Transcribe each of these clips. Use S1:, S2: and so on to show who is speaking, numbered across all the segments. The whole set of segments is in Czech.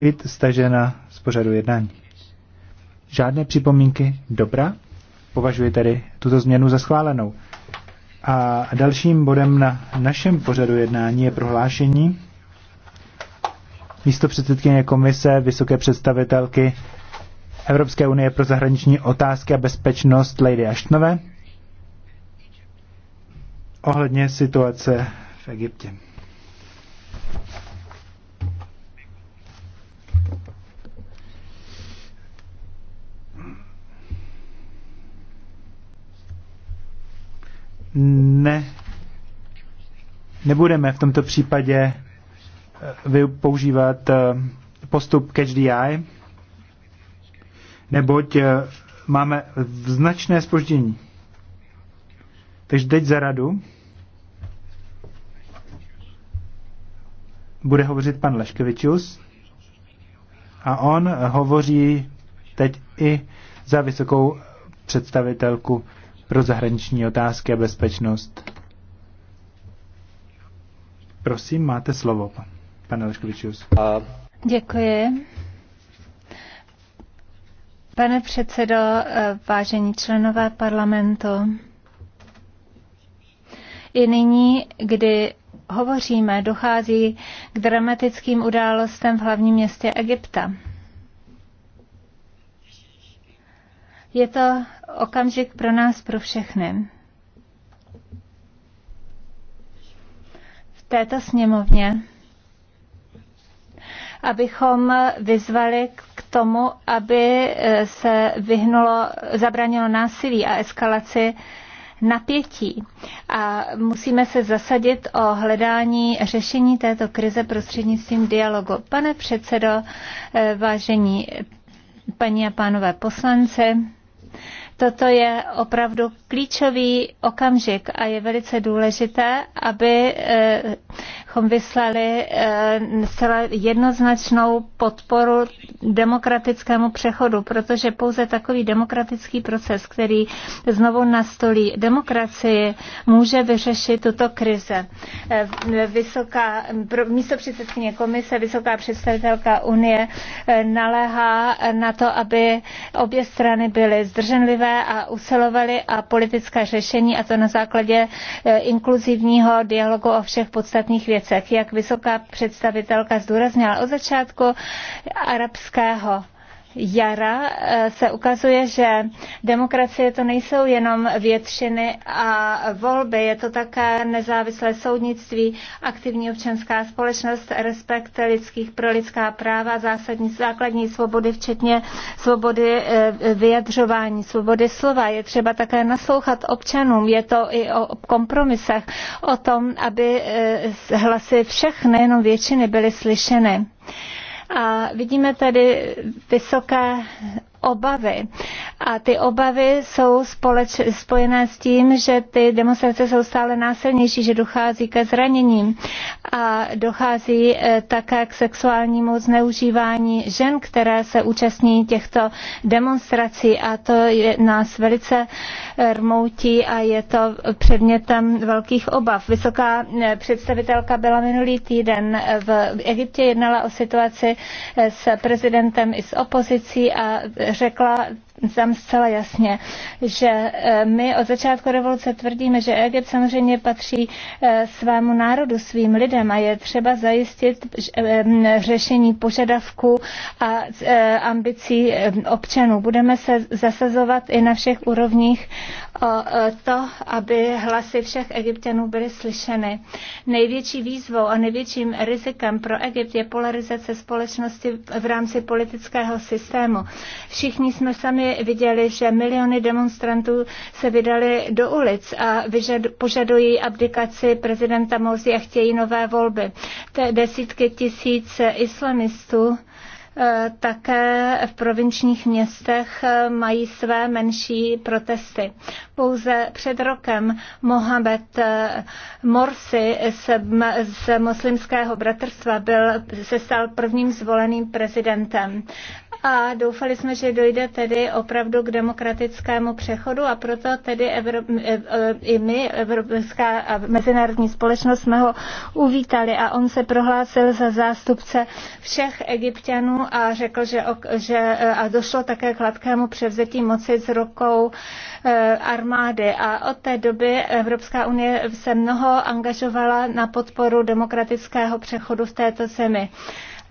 S1: it stažena z pořadu jednání. Žádné připomínky? Dobrá. Považuji tedy tuto změnu za schválenou. A dalším bodem na našem pořadu jednání je prohlášení místo předsedkyně komise vysoké představitelky Evropské unie pro zahraniční otázky a bezpečnost Lady Ashtonové ohledně situace v Egyptě. ne, nebudeme v tomto případě eh, používat eh, postup catch the eye, neboť eh, máme značné spoždění. Takže teď za radu bude hovořit pan Leškevičus a on hovoří teď i za vysokou představitelku pro zahraniční otázky a bezpečnost. Prosím, máte slovo, pane Leškovičius.
S2: Děkuji. Pane předsedo, vážení členové parlamentu, i nyní, kdy hovoříme, dochází k dramatickým událostem v hlavním městě Egypta. Je to okamžik pro nás, pro všechny. V této sněmovně, abychom vyzvali k tomu, aby eh, se vyhnulo, zabranilo násilí a eskalaci napětí a musíme se zasadit o hledání řešení této krize prostřednictvím dialogu. Pane předsedo, eh, vážení paní a pánové poslanci, Toto je opravdu klíčový okamžik a je velice důležité, abychom eh, vyslali eh, zcela jednoznačnou podporu demokratickému přechodu, protože pouze takový demokratický proces, který znovu nastolí demokracii, může vyřešit tuto krize. Eh, vysoká, místo předsedkyně komise, vysoká představitelka Unie naléhá na to, aby obě strany byly zdrženlivé kolegové a usilovali a politická řešení a to na základě e, inkluzivního dialogu o všech podstatných věcech, jak vysoká představitelka zdůraznila od začátku arabského jara eh, se ukazuje, že demokracie to nejsou jenom většiny a volby, je to také nezávislé soudnictví, aktivní občanská společnost, respekt lidských pro lidská práva, zásadní základní svobody, včetně svobody eh, vyjadřování, svobody slova. Je třeba také naslouchat občanům, je to i o kompromisech, o tom, aby eh, hlasy všech, nejenom většiny, byly slyšeny. A vidíme tady vysoké obavy. A ty obavy jsou společ, spojené s tím, že ty demonstrace jsou stále násilnější, že dochází ke zraněním a dochází eh, také k sexuálnímu zneužívání žen, které se účastní těchto demonstrací a to je, nás velice eh, rmoutí a je to předmětem velkých obav. Vysoká eh, představitelka byla minulý týden v Egyptě, jednala o situaci s prezidentem i s opozicí a řekla tam zcela jasně, že e, my od začátku revoluce tvrdíme, že Egypt samozřejmě patří e, svému národu, svým lidem a je třeba zajistit e, řešení požadavků a ambicí občanů. Budeme se zasazovat i na všech úrovních o to, aby hlasy všech egyptianů byly slyšeny. Největší výzvou a největším rizikem pro Egypt je polarizace společnosti v rámci politického systému. Všichni jsme sami viděli, že miliony demonstrantů se vydali do ulic a požadují abdikaci prezidenta Morsi a chtějí nové volby. Té desítky tisíc islamistů eh, také v provinčních městech eh, mají své menší protesty. Pouze před rokem Mohamed eh, Morsi z muslimského bratrstva byl, se stal prvním zvoleným prezidentem a doufali jsme, že dojde tedy opravdu k demokratickému přechodu a proto tedy Evro- e, e, i my, Evropská a mezinárodní společnost, jsme ho uvítali a on se prohlásil za zástupce všech egyptianů a řekl, že, že e, a došlo také k hladkému převzetí moci z rukou armády a od té doby Evropská unie se mnoho angažovala na podporu demokratického přechodu v této zemi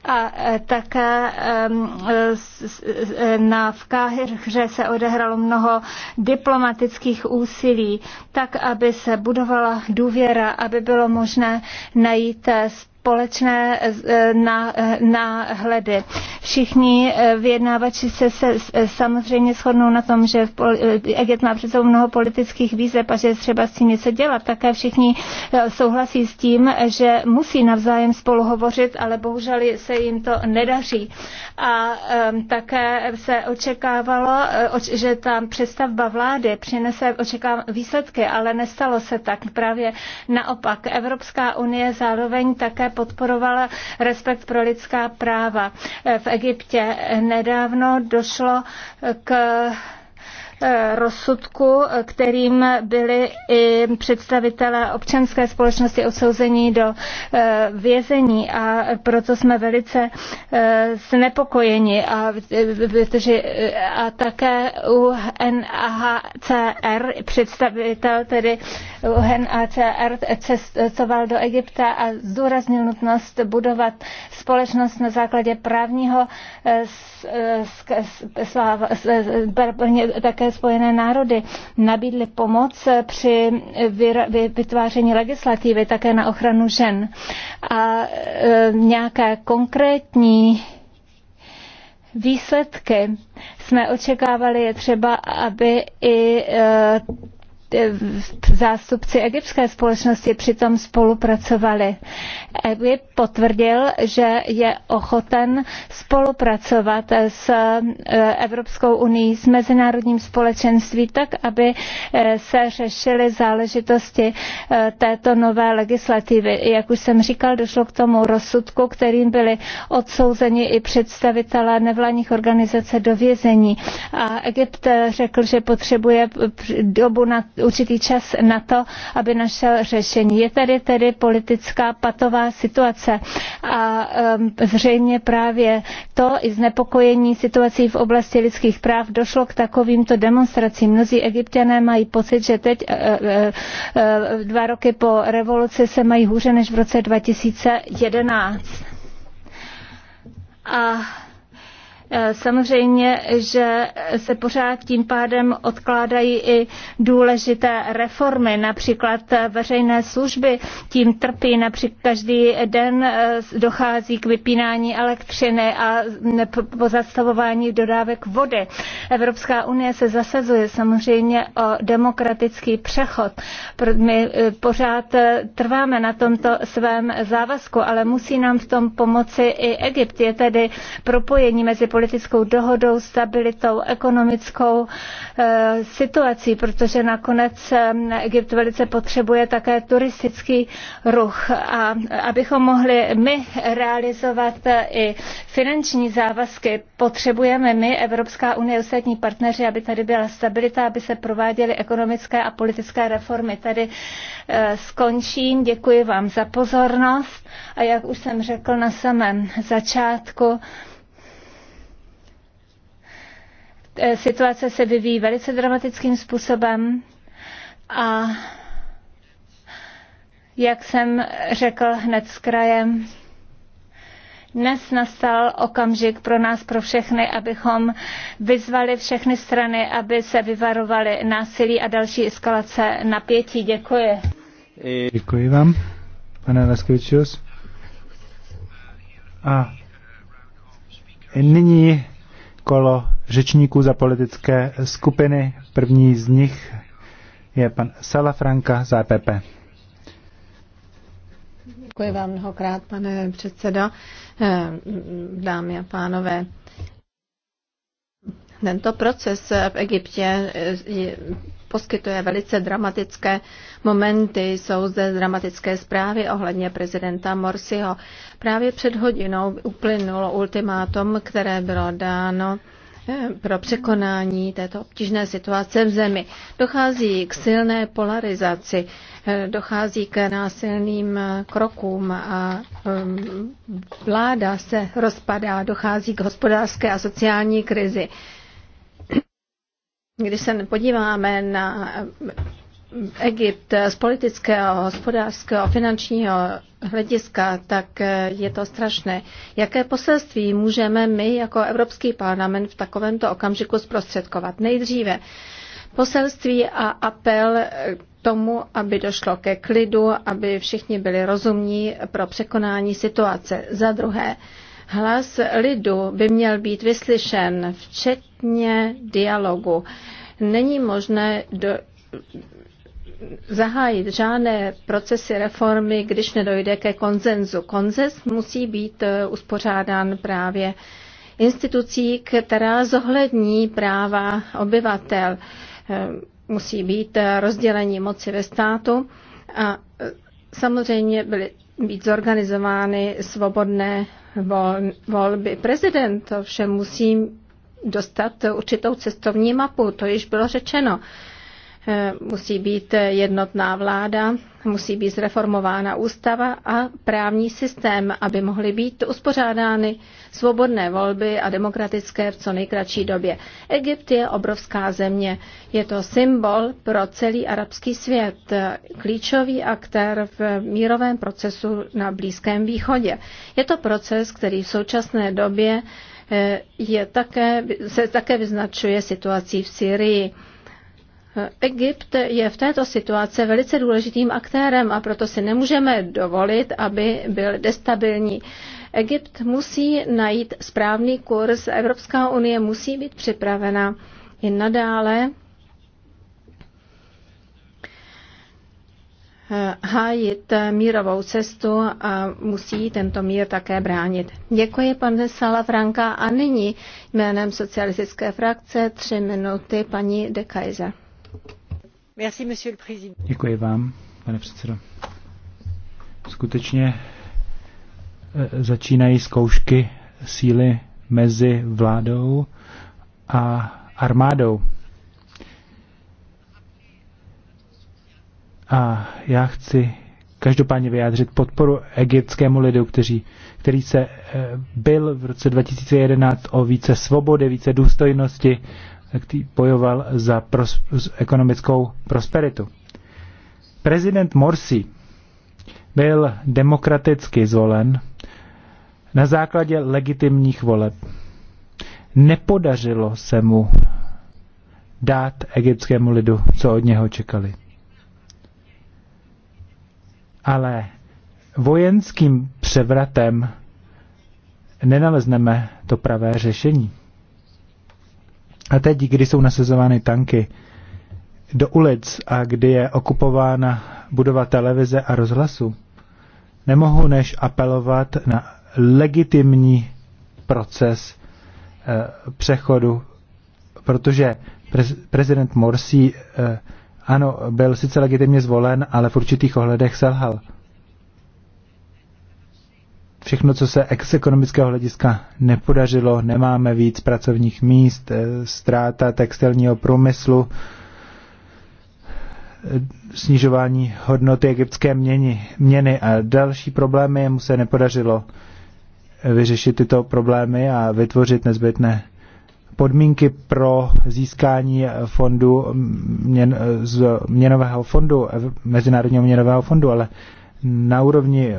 S2: a e, také na, v Káhře se odehrálo mnoho diplomatických úsilí, tak, aby se budovala důvěra, aby bylo možné najít e, společné eh, eh, náhledy. Všichni eh, vyjednávači se, se samozřejmě shodnou na tom, že Egypt má přece mnoho politických výzev a že je třeba s tím něco dělat. Také všichni souhlasí s tím, že musí navzájem spolu hovořit, ale bohužel se jim to nedaří. A um, také se očekávalo, že tam přestavba vlády přinese očekávám výsledky, ale nestalo se tak. Právě naopak Evropská unie zároveň také podporovala respekt pro lidská práva. V Egyptě nedávno došlo k eh, rozsudku, kterým byli i představitelé občanské společnosti odsouzení do eh, vězení a proto jsme velice eh, znepokojeni a, a také u NHCR představitel tedy UNHCR cestoval do Egypta a zdůraznil nutnost budovat společnost na základě právního eh, eh, také Spojené národy nabídly pomoc při vytváření legislativy také na ochranu žen. A eh, nějaké konkrétní výsledky jsme očekávali je třeba, aby i E, zástupci egyptské společnosti přitom spolupracovali. Egypt potvrdil, že je ochoten spolupracovat s e, Evropskou unii, s mezinárodním společenství, tak, aby e, se řešily záležitosti této nové legislativy. Jak už jsem říkal, došlo k tomu rozsudku, kterým byli odsouzeni i představitelé nevládních organizace do vězení. A Egypt řekl, že potřebuje dobu na určitý čas na to, aby našel řešení. Je tady tedy politická patová situace a zřejmě právě to i znepokojení situací v oblasti lidských práv došlo k takovýmto demonstracím. Mnozí egyptiané mají pocit, že teď e, e, e, dva roky po revoluci se mají hůře než v roce 2011. A Eh, samozřejmě, že se pořád tím pádem odkládají i důležité reformy, například veřejné služby, tím trpí, například každý den eh, dochází k vypínání elektřiny a pozastavování dodávek vody. Evropská unie se zasazuje samozřejmě o demokratický přechod. My eh, pořád trváme na tomto svém závazku, ale musí nám v tom pomoci i Egypt. Je tedy propojení mezi politickou dohodou, stabilitou, ekonomickou eh, situací, protože nakonec eh, Egypt velice potřebuje také turistický ruch. A abychom mohli my realizovat eh, i finanční závazky, potřebujeme my, Evropská unie, ostatní partneři, aby tady byla stabilita, aby se prováděly ekonomické a politické reformy. Tady skončím, děkuji vám za pozornost a jak už jsem řekl na samém začátku, Eh, situace se vyvíjí velice dramatickým způsobem a jak jsem řekl hned z kraje, dnes nastal okamžik pro nás, pro všechny, abychom vyzvali všechny strany, aby se vyvarovali násilí a další eskalace napětí. Děkuji.
S1: Děkuji vám, pane Laskovičius. A nyní kolo řečníků za politické skupiny. První z nich je pan Salafranka za EPP.
S3: Děkuji vám mnohokrát, pane předsedo, eh, dámy a pánové. Tento proces v Egyptě eh, poskytuje velice dramatické momenty. Jsou zde dramatické zprávy ohledně prezidenta Morsiho. Právě před hodinou uplynulo ultimátum, které bylo dáno E, pro překonání této obtížné situace v zemi. Dochází k silné polarizaci, e, dochází k násilným e, krokům a vláda se rozpadá, dochází k hospodářské a sociální krizi. Když se podíváme na Egypt z politického, hospodářského, finančního hlediska, tak eh, je to strašné. Jaké poselství můžeme my jako Evropský parlament v takovémto okamžiku zprostředkovat? Nejdříve poselství a apel eh, tomu, aby došlo ke klidu, aby všichni byli rozumní pro překonání situace. Za druhé, hlas lidu by měl být vyslyšen, včetně dialogu. Není možné do, zahájit žádné procesy reformy, když nedojde ke konzenzu. Konzens musí být eh, uspořádán právě institucí, která zohlední práva obyvatel. Eh, musí být eh, rozdělení moci ve státu a samozřejmě byly být zorganizovány svobodné volby. Prezident ovšem musí dostat určitou cestovní mapu, to již bylo řečeno. Eh, musí být jednotná vláda, musí být zreformována ústava a právní systém, aby mohly být uspořádány svobodné volby a demokratické v co nejkratší době. Egypt je obrovská země. Je to symbol pro celý arabský svět, klíčový aktér v mírovém procesu na Blízkém východě. Je to proces, který v současné době eh, je také, se také vyznačuje situací v Syrii Egypt je v této situaci velice důležitým aktérem a proto si nemůžeme dovolit, aby byl destabilní. Egypt musí najít správný kurz, Evropská unie musí být připravena i nadále hájit mírovou cestu a musí tento mír také bránit. Děkuji, pane Salafranka. A nyní jménem socialistické frakce tři minuty paní de Kaiser.
S1: Děkuji vám, pane předsedo. Skutečně eh, začínají zkoušky síly mezi vládou a armádou. A já chci každopádně vyjádřit podporu egyptskému lidu, kteří, který se eh, byl v roce 2011 o více svobody, více důstojnosti který bojoval za pros, ekonomickou prosperitu. Prezident Morsi byl demokraticky zvolen na základě legitimních voleb. Nepodařilo se mu dát egyptskému lidu, co od něho čekali. Ale vojenským převratem nenalezneme to pravé řešení. A teď, kdy jsou nasazovány tanky do ulic a kdy je okupována budova televize a rozhlasu, nemohu než apelovat na legitimní proces eh, přechodu, protože prez, prezident Morsi eh, ano, byl sice legitimně zvolen, ale v určitých ohledech selhal všechno, co se z ekonomického hlediska nepodařilo, nemáme víc pracovních míst, eh, ztráta textilního průmyslu, eh, snižování hodnoty egyptské měny, měny a další problémy, jemu se nepodařilo vyřešit tyto problémy a vytvořit nezbytné podmínky pro získání fondu měn, z měnového fondu, Mezinárodního měnového fondu, ale na úrovni eh,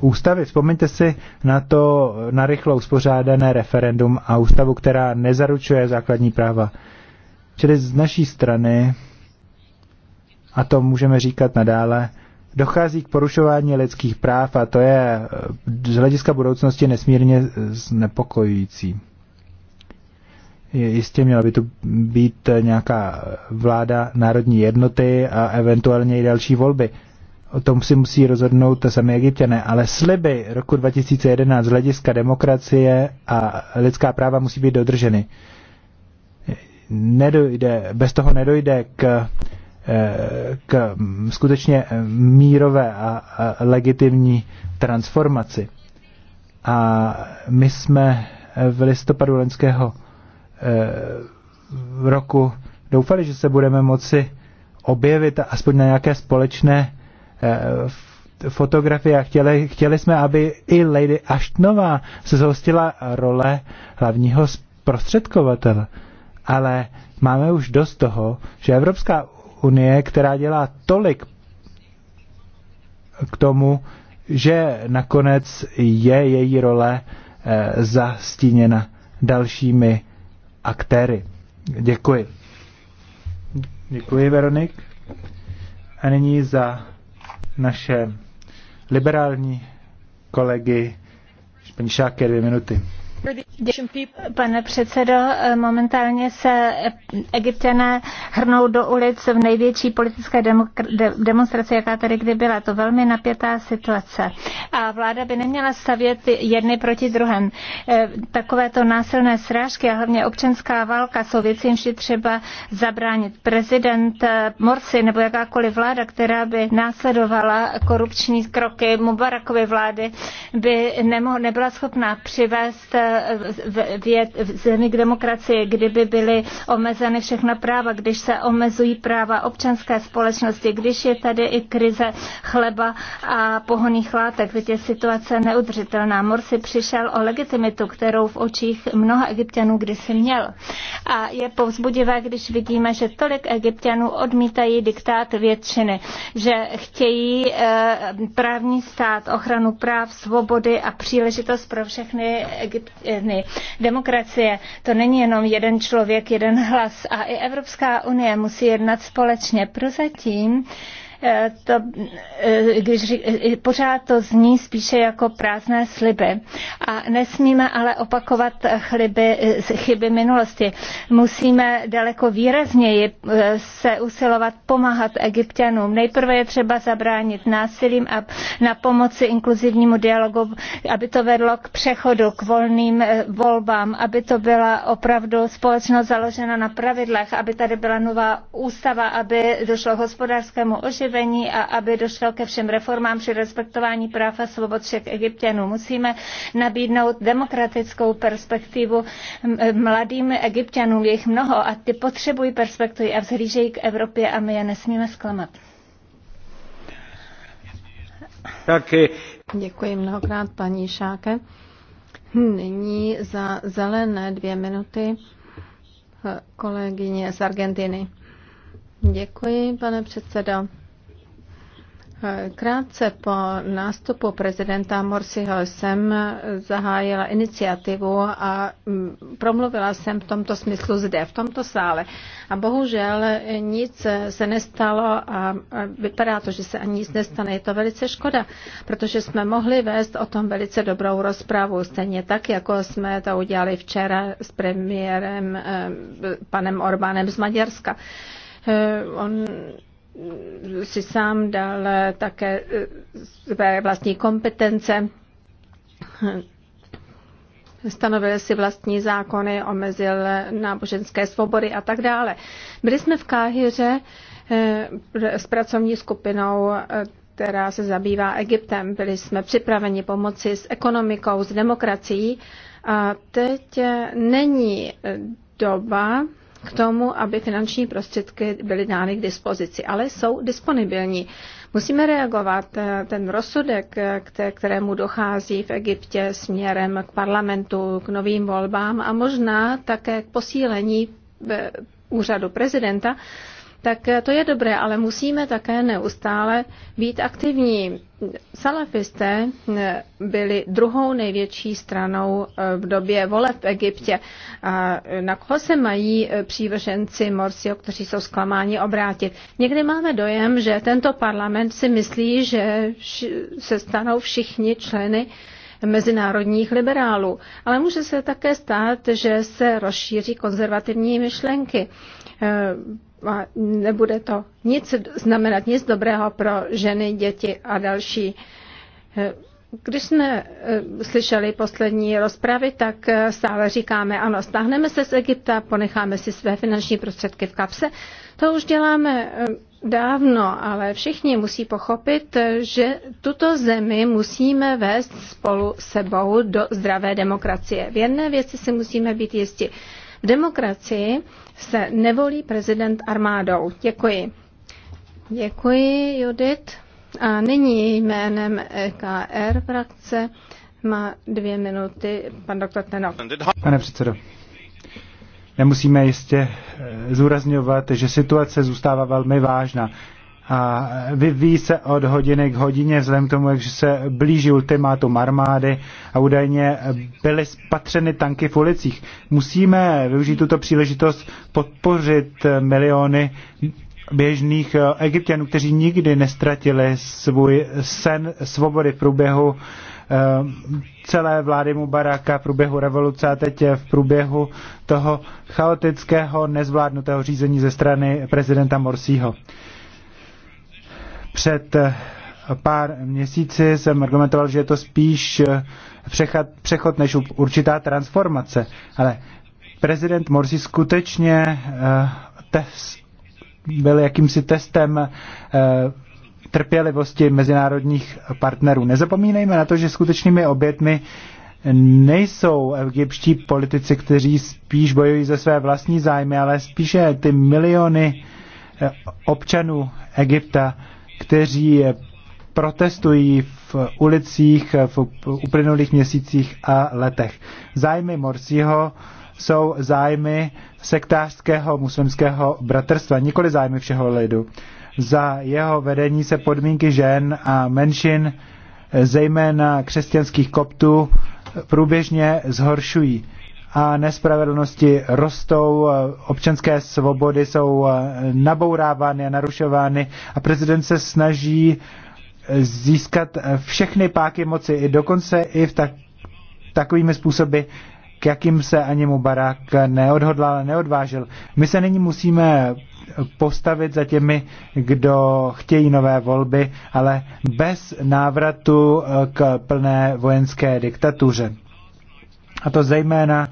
S1: ústavy. Vzpomeňte si na to na rychlo uspořádané referendum a ústavu, která nezaručuje základní práva. Čili z naší strany, a to můžeme říkat nadále, dochází k porušování lidských práv a to je eh, z hlediska budoucnosti nesmírně znepokojující. Jistě měla by tu být nějaká vláda národní jednoty a eventuálně i další volby o tom si musí rozhodnout sami egyptěné, ale sliby roku 2011 z hlediska demokracie a lidská práva musí být dodrženy. Nedojde, bez toho nedojde k, eh, k skutečně mírové a legitimní transformaci. A my jsme v listopadu loňského eh, roku doufali, že se budeme moci objevit aspoň na nějaké společné Eh, fotografie a chtěli, chtěli jsme, aby i Lady Ashtonová se zhostila role hlavního zprostředkovatele. Ale máme už dost toho, že Evropská unie, která dělá tolik k tomu, že nakonec je její role e, zastíněna dalšími aktéry. Děkuji. Děkuji, Veronik. A nyní za naše liberální kolegy, paní Šáke, dvě minuty.
S2: Pane předsedo, momentálně se egyptěné hrnou do ulic v největší politické demonstraci, jaká tady kdy byla. To velmi napětá situace. A vláda by neměla stavět jedny proti druhém. Eh, takovéto násilné srážky a hlavně občanská válka jsou věci, jimž třeba zabránit. Prezident eh, Morsi nebo jakákoliv vláda, která by následovala korupční kroky Mubarakovy vlády, by nemohla, nebyla schopná přivést eh, v, v, v zemi k demokracii, kdyby byly omezeny všechna práva, když se omezují práva občanské společnosti, když je tady i krize chleba a pohoných látek, teď je situace neudržitelná. Morsi přišel o legitimitu, kterou v očích mnoha egyptianů kdysi měl. A je povzbudivé, když vidíme, že tolik egyptianů odmítají diktát většiny, že chtějí eh, právní stát, ochranu práv, svobody a příležitost pro všechny egyptiany dny. Demokracie to není jenom jeden člověk, jeden hlas a i Evropská unie musí jednat společně. Prozatím Eh, to, eh, když eh, pořád to zní spíše jako prázdné sliby. A nesmíme ale opakovat chliby, chyby minulosti. Musíme daleko výrazněji se usilovat pomáhat egyptianům. Nejprve je třeba zabránit násilím a na pomoci inkluzivnímu dialogu, aby to vedlo k přechodu, k volným volbám, aby to byla opravdu společnost založena na pravidlech, aby tady byla nová ústava, aby došlo k hospodářskému oživu oživení a aby došlo ke všem reformám při respektování práv a svobod všech egyptianů. Musíme nabídnout demokratickou perspektivu mladým egyptianům, je jich mnoho a ty potřebují perspektivy a
S3: vzhlížejí k Evropě a my je nesmíme zklamat. Taky. Děkuji mnohokrát, paní Šáke. Nyní za zelené dvě minuty eh, kolegyně z Argentiny. Děkuji, pane předsedo. Krátce po nástupu prezidenta Morsiho jsem zahájila iniciativu a mm, promluvila jsem v tomto smyslu zde, v tomto sále. A bohužel nic se nestalo a vypadá to, že se ani nic nestane. Je to velice škoda, protože jsme mohli vést o tom velice dobrou rozpravu, stejně tak, jako jsme to udělali včera s premiérem eh, panem Orbánem z Maďarska. Eh, on si sám dal také eh, své vlastní kompetence, stanovil si vlastní zákony, omezil náboženské svobody a tak dále. Byli jsme v Káhyře eh, s pracovní skupinou eh, která se zabývá Egyptem. Byli jsme připraveni pomoci s ekonomikou, s demokracií a teď není doba k tomu, aby finanční prostředky byly dány k dispozici, ale jsou disponibilní. Musíme reagovat. Eh, ten rozsudek, eh, kterému dochází v Egyptě směrem k parlamentu, k novým volbám a možná také k posílení eh, úřadu prezidenta, tak eh, to je dobré, ale musíme také neustále být aktivní. Salafisté eh, byli druhou největší stranou eh, v době voleb v Egyptě. A na koho se mají přívrženci Morsio, kteří jsou zklamáni, obrátit? Někdy máme dojem, že tento parlament si myslí, že se stanou všichni členy mezinárodních liberálů. Ale může se také stát, že se rozšíří konzervativní myšlenky a nebude to nic znamenat nic dobrého pro ženy, děti a další. Když jsme eh, slyšeli poslední rozpravy, tak eh, stále říkáme, ano, stáhneme se z Egypta, ponecháme si své finanční prostředky v kapse. To už děláme eh, dávno, ale všichni musí pochopit, že tuto zemi musíme vést spolu sebou do zdravé demokracie. V jedné věci si musíme být jistí. V demokracii se nevolí prezident armádou. Děkuji. Děkuji, Judit. A nyní jménem EKR frakce má dvě minuty pan doktor Tenok.
S1: Pane předsedo, nemusíme jistě eh, zúrazňovat, že situace zůstává velmi vážná a vyvíjí se od hodiny k hodině vzhledem k tomu, jak se blíží ultimátum armády a údajně byly spatřeny tanky v ulicích. Musíme využít tuto příležitost podpořit miliony běžných eh, egyptianů, kteří nikdy nestratili svůj sen svobody v průběhu eh, celé vlády Mubaraka, v průběhu revoluce a teď v průběhu toho chaotického, nezvládnutého řízení ze strany prezidenta Morsího. Před eh, pár měsíci jsem argumentoval, že je to spíš eh, přechod, přechod než určitá transformace. Ale prezident Morsi skutečně eh, test, byl jakýmsi testem trpělivosti mezinárodních partnerů. Nezapomínejme na to, že skutečnými obětmi nejsou egyptští politici, kteří spíš bojují za své vlastní zájmy, ale spíše ty miliony občanů Egypta, kteří protestují v ulicích v uplynulých měsících a letech. Zájmy Morsího jsou zájmy sektářského muslimského bratrstva, nikoli zájmy všeho lidu. Za jeho vedení se podmínky žen a menšin, zejména křesťanských koptů, průběžně zhoršují a nespravedlnosti rostou, občanské svobody jsou nabourávány a narušovány a prezident se snaží e, získat e, všechny páky moci, i dokonce i v tak, takovými způsoby, k jakým se ani mu barák neodhodlal, neodvážil. My se nyní musíme postavit za těmi, kdo chtějí nové volby, ale bez návratu e, k plné vojenské diktatuře a to zejména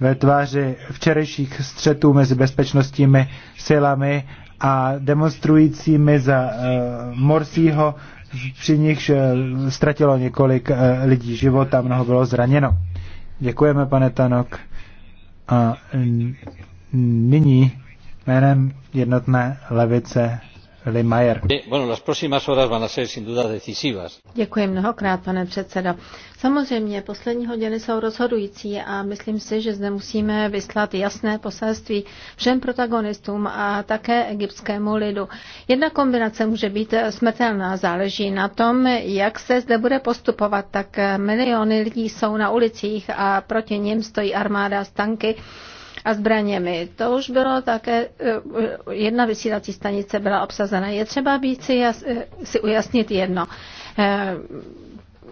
S1: ve tváři včerejších střetů mezi bezpečnostními silami a demonstrujícími za uh, Morsího, při nichž uh, ztratilo několik uh, lidí život a mnoho bylo zraněno. Děkujeme, pane Tanok. A nyní jménem jednotné levice
S3: Děkuji mnohokrát, pane předsedo. Samozřejmě poslední hodiny jsou rozhodující a myslím si, že zde musíme vyslat jasné poselství všem protagonistům a také egyptskému lidu. Jedna kombinace může být smrtelná, záleží na tom, jak se zde bude postupovat, tak miliony lidí jsou na ulicích a proti nim stojí armáda s tanky a zbraněmi. To už bylo také, eh, jedna vysílací stanice byla obsazena. Je třeba být si, jas, eh, si ujasnit jedno eh,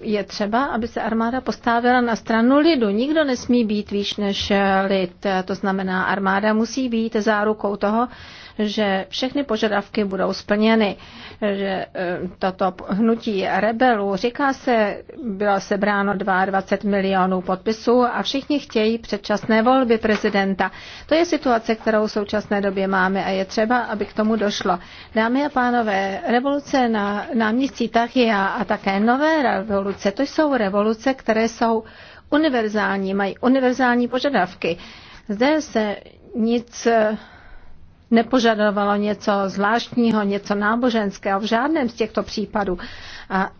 S3: je třeba, aby se armáda postavila na stranu lidu. Nikdo nesmí být výš než lid. To znamená, armáda musí být zárukou toho, že všechny požadavky budou splněny. Že e, toto hnutí rebelů, říká se, bylo sebráno 22 milionů podpisů a všichni chtějí předčasné volby prezidenta. To je situace, kterou v současné době máme a je třeba, aby k tomu došlo. Dámy a pánové, revoluce na náměstí Tahia a také nové revoluce, to jsou revoluce, které jsou univerzální, mají univerzální požadavky. Zde se nic e, nepožadovalo něco zvláštního, něco náboženského v žádném z těchto případů. A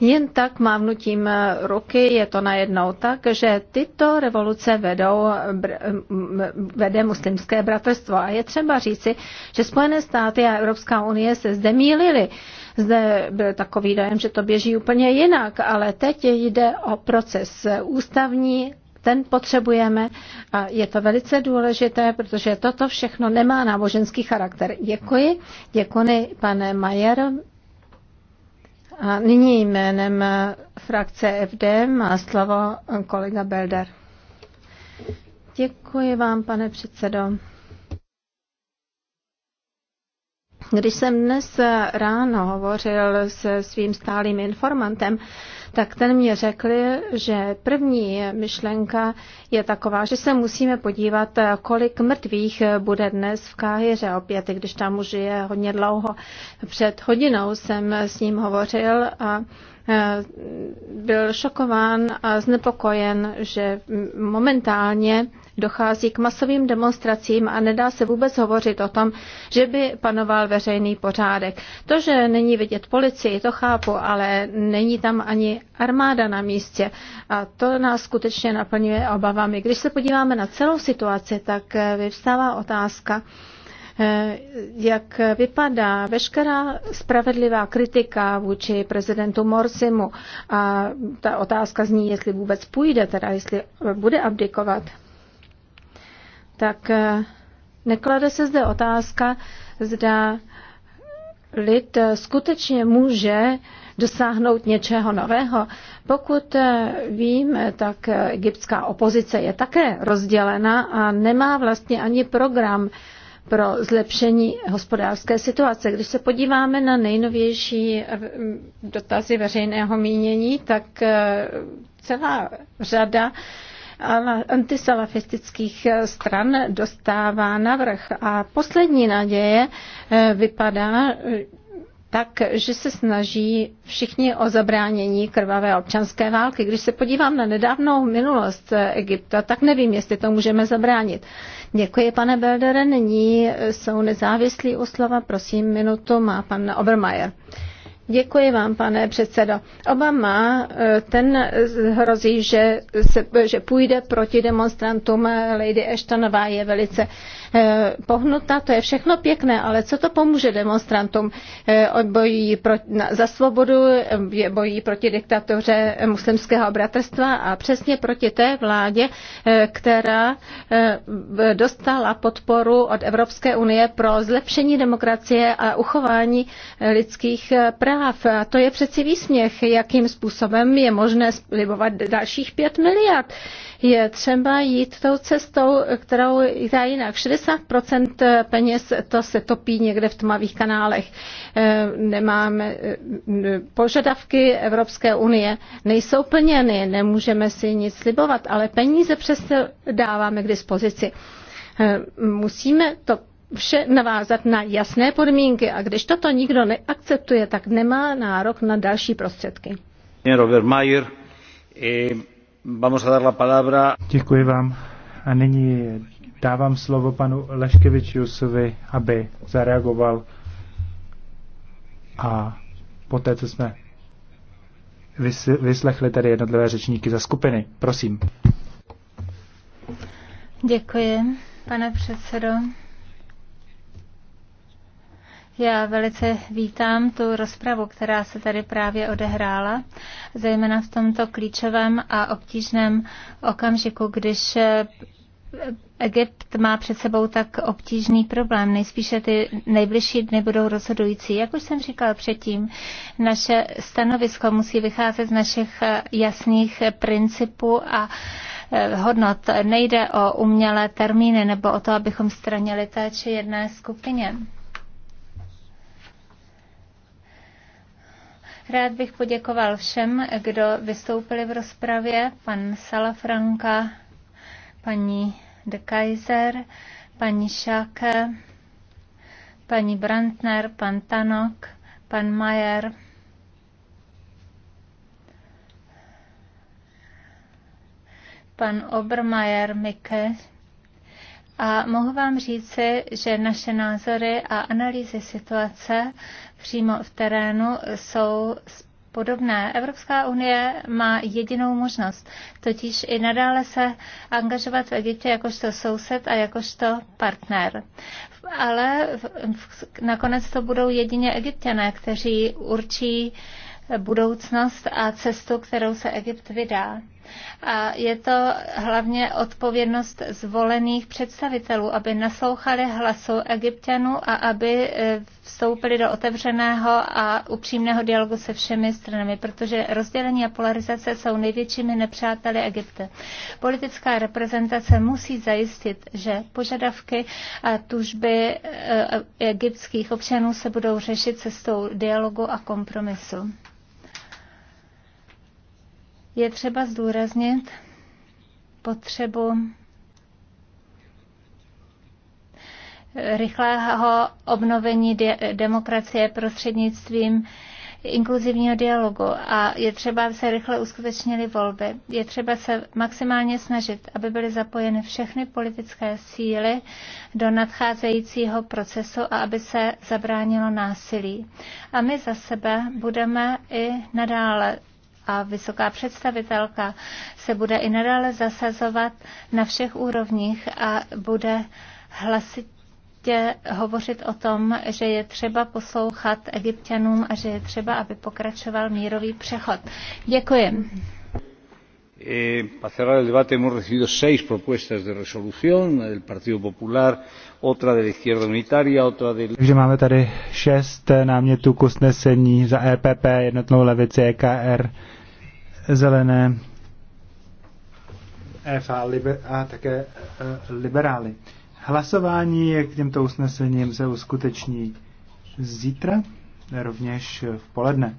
S3: jen tak mávnutím ruky je to najednou tak, že tyto revoluce vedou, vede muslimské bratrstvo. A je třeba říci, že Spojené státy a Evropská unie se zde mýlily. Zde byl takový dojem, že to běží úplně jinak, ale teď jde o proces ústavní ten potřebujeme a je to velice důležité, protože toto všechno nemá náboženský charakter. Děkuji, děkuji pane Majer. A nyní jménem frakce FD má slovo kolega Belder. Děkuji vám, pane předsedo. Když jsem dnes ráno hovořil se svým stálým informantem, tak ten mě řekl, že první myšlenka je taková, že se musíme podívat, kolik mrtvých bude dnes v Káhyře opět, když tam už je hodně dlouho. Před hodinou jsem s ním hovořil a Eh, byl šokován a znepokojen, že momentálně dochází k masovým demonstracím a nedá se vůbec hovořit o tom, že by panoval veřejný pořádek. To, že není vidět policii, to chápu, ale není tam ani armáda na místě a to nás skutečně naplňuje obavami. Když se podíváme na celou situaci, tak eh, vyvstává otázka, Eh, jak vypadá veškerá spravedlivá kritika vůči prezidentu Morsimu a ta otázka zní, jestli vůbec půjde, teda jestli bude abdikovat, tak eh, neklade se zde otázka, zda lid eh, skutečně může dosáhnout něčeho nového. Pokud vím, tak egyptská opozice je také rozdělena a nemá vlastně ani program, pro zlepšení hospodářské situace. Když se podíváme na nejnovější eh, dotazy veřejného mínění, tak eh, celá řada antisalafistických eh, stran dostává navrh. A poslední naděje vypadá, tak, že se snaží všichni o zabránění krvavé občanské války. Když se podívám na nedávnou minulost Egypta, tak nevím, jestli to můžeme zabránit. Děkuji, pane Beldere. Nyní jsou nezávislí u slova. Prosím, minutu má pan Obermeier. Děkuji vám, pane předsedo. Obama, eh, ten hrozí, že, se, že půjde proti demonstrantům. Lady Ashtonová je velice eh, pohnutá, to je všechno pěkné, ale co to pomůže demonstrantům? Eh, bojí pro, za svobodu, bojí proti diktatoře muslimského bratrstva a přesně proti té vládě, která dostala podporu od Evropské unie pro zlepšení demokracie a uchování lidských práv zpráv. A to je přeci výsměch, jakým způsobem je možné slibovat dalších 5 miliard. Je třeba jít tou cestou, kterou já jinak. 60% peněz to se topí někde v tmavých kanálech. E, nemáme e, požadavky Evropské unie, nejsou plněny, nemůžeme si nic slibovat, ale peníze přesto dáváme k dispozici. E, musíme to vše navázat na jasné podmínky a když toto nikdo neakceptuje, tak nemá nárok na další prostředky.
S1: Robert Mayer, eh, vamos a dar la palabra. Děkuji vám. A nyní dávám slovo panu Leškevičiusovi, aby zareagoval a poté, co jsme vyslechli tady jednotlivé řečníky za skupiny. Prosím.
S2: Děkuji, pane předsedo. Já velice vítám tu rozpravu, která se tady právě odehrála, zejména v tomto klíčovém a obtížném okamžiku, když eh, Egypt má před sebou tak obtížný problém. Nejspíše ty nejbližší dny budou rozhodující. Jak už jsem říkal předtím, naše stanovisko musí vycházet z našich eh, jasných principů a eh, hodnot. Nejde o umělé termíny nebo o to, abychom stranili té či jedné skupině. Rád bych poděkoval všem, kdo vystoupili v rozpravě, pan Salafranka, paní de Kaiser, paní Šáke, paní Brandner, pan Tanok, pan Majer. pan Obermeier Mike. A mohu vám říci, že naše názory a analýzy situace přímo v terénu jsou podobné. Evropská unie má jedinou možnost, totiž i nadále se angažovat v Egyptě jakožto soused a jakožto partner. Ale nakonec to budou jedině egyptěné, kteří určí budoucnost a cestu, kterou se Egypt vydá. A je to hlavně odpovědnost zvolených představitelů, aby naslouchali hlasu egyptianů a aby e, vstoupili do otevřeného a upřímného dialogu se všemi stranami, protože rozdělení a polarizace jsou největšími nepřáteli Egypte. Politická reprezentace musí zajistit, že požadavky a tužby e, egyptských občanů se budou řešit cestou dialogu a kompromisu je třeba zdůraznit potřebu rychlého obnovení de- demokracie prostřednictvím inkluzivního dialogu a je třeba, aby se rychle uskutečnily volby. Je třeba se maximálně snažit, aby byly zapojeny všechny politické síly do nadcházejícího procesu a aby se zabránilo násilí. A my za sebe budeme i nadále a vysoká představitelka se bude i nadále zasazovat na všech úrovních a bude hlasitě hovořit o tom, že je třeba poslouchat egyptianům a že je třeba, aby pokračoval mírový přechod. Děkuji. Eh, para cerrar el debate hemos recibido seis propuestas de resolución del Partido Popular, otra de la Izquierda Unitaria, otra de... Takže
S1: máme tady šest námětů k usnesení za EPP, jednotnou levici EKR, zelené, EFA liber, a také e, liberály. Hlasování k těmto usnesením se uskuteční zítra, rovněž v poledne.